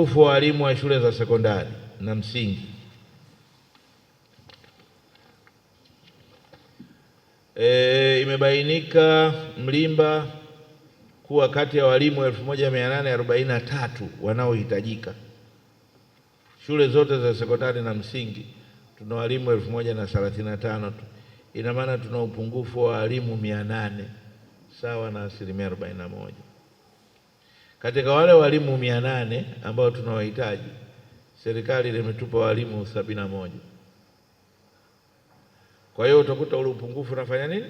upungufu wa walimu wa shule za sekondari na msingi. E, imebainika Mlimba kuwa kati ya walimu 1843 wanaohitajika shule zote za sekondari na msingi tuna walimu 1035 tu. Ina maana tuna upungufu wa walimu 800 sawa na asilimia 41. Katika wale walimu mia nane ambao tunawahitaji, serikali limetupa walimu sabini na moja. Kwa hiyo utakuta ule upungufu unafanya nini,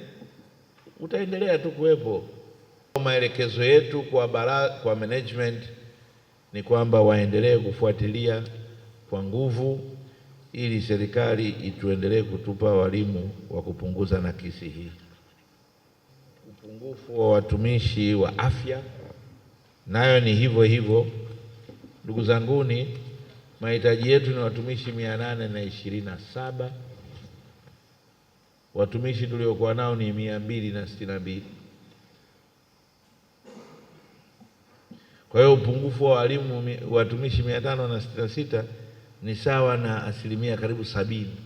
utaendelea tu kuwepo. Maelekezo yetu kwa bara, kwa management ni kwamba waendelee kufuatilia kwa nguvu ili serikali ituendelee kutupa walimu wa kupunguza nakisi hii, upungufu wa watumishi wa afya nayo ni hivyo hivyo. Ndugu zanguni, mahitaji yetu ni watumishi mia nane na ishirini na saba watumishi tuliokuwa nao ni mia mbili na sitini na mbili. Kwa hiyo upungufu wa walimu watumishi mia tano na sitini na sita ni sawa na asilimia karibu sabini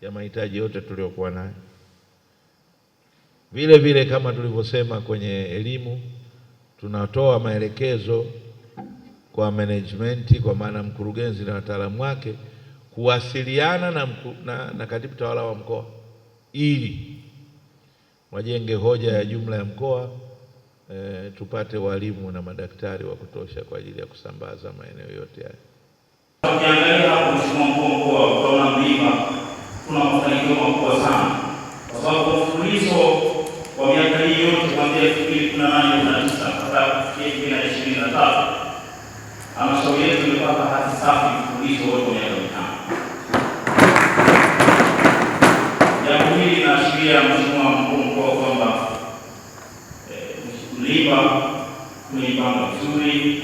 ya mahitaji yote tuliokuwa nayo. Vile vile kama tulivyosema kwenye elimu tunatoa maelekezo kwa management, kwa maana mkurugenzi na wataalamu wake kuwasiliana na, mku, na, na katibu tawala wa mkoa ili wajenge hoja ya jumla ya mkoa e, tupate walimu na madaktari wa kutosha kwa ajili ya kusambaza maeneo yote haya. Ukiangalia hapo, Mheshimiwa Mkuu wa Mkoa, mlima mafanikio makubwa sana kwa sababu mfululizo pia Mheshimiwa mkuu mkoa kwamba eh, mlipa kuipanga vizuri,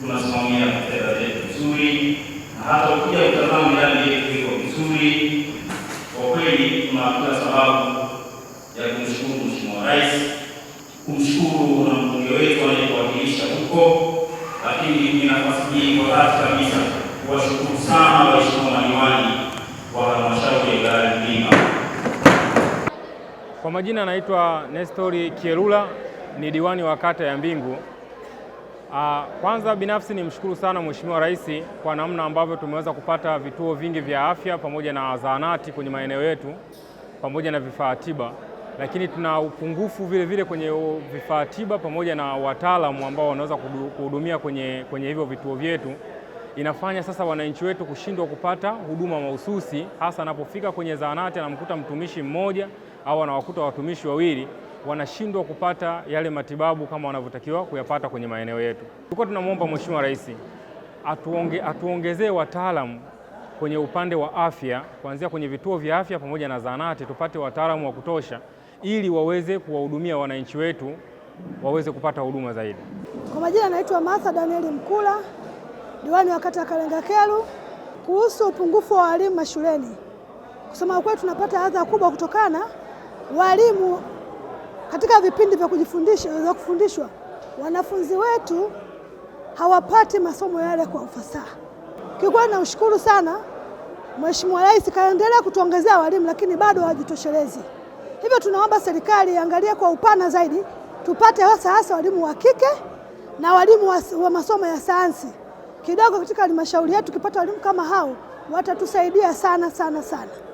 tunasimamia fedha zetu vizuri, na hata ukija kutazama miradi yetu iko vizuri. Kwa kweli tuna kila sababu ya kumshukuru Mheshimiwa Rais, kumshukuru na mbunge wetu anayekuwakilisha huko, lakini ni nafasi hii kwa dhati kabisa kuwashukuru sana waheshimiwa madiwani Kwa majina naitwa Nestori Kielula, ni diwani wa kata ya Mbingu. Ah, kwanza binafsi nimshukuru sana Mheshimiwa Rais kwa namna ambavyo tumeweza kupata vituo vingi vya afya pamoja na zahanati kwenye maeneo yetu pamoja na vifaa tiba, lakini tuna upungufu vile vile kwenye vifaa tiba pamoja na wataalamu ambao wanaweza kuhudumia kwenye, kwenye hivyo vituo vyetu. Inafanya sasa wananchi wetu kushindwa kupata huduma mahususi, hasa anapofika kwenye zahanati anamkuta mtumishi mmoja au wanawakuta watumishi wawili wanashindwa kupata yale matibabu kama wanavyotakiwa kuyapata kwenye maeneo yetu. Tulikuwa tunamwomba Mheshimiwa Rais atuonge, atuongezee wataalamu kwenye upande wa afya kuanzia kwenye vituo vya afya pamoja na zahanati, tupate wataalamu wa kutosha ili waweze kuwahudumia wananchi wetu waweze kupata huduma zaidi. Kwa majina anaitwa Martha Danieli Mkula, diwani wa kata ya Kalengakelu. Kuhusu upungufu wa walimu mashuleni, kusema ukweli tunapata adha kubwa kutokana walimu katika vipindi vya kujifundisha vya kufundishwa, wanafunzi wetu hawapati masomo yale kwa ufasaha. Kiukweli ushukuru sana Mheshimiwa Rais kaendelea kutuongezea walimu, lakini bado hawajitoshelezi. Hivyo tunaomba serikali iangalie kwa upana zaidi, tupate hasa hasa walimu wa kike na walimu wa, wa masomo ya sayansi. Kidogo katika halmashauri yetu, tukipata walimu kama hao watatusaidia sana sana sana.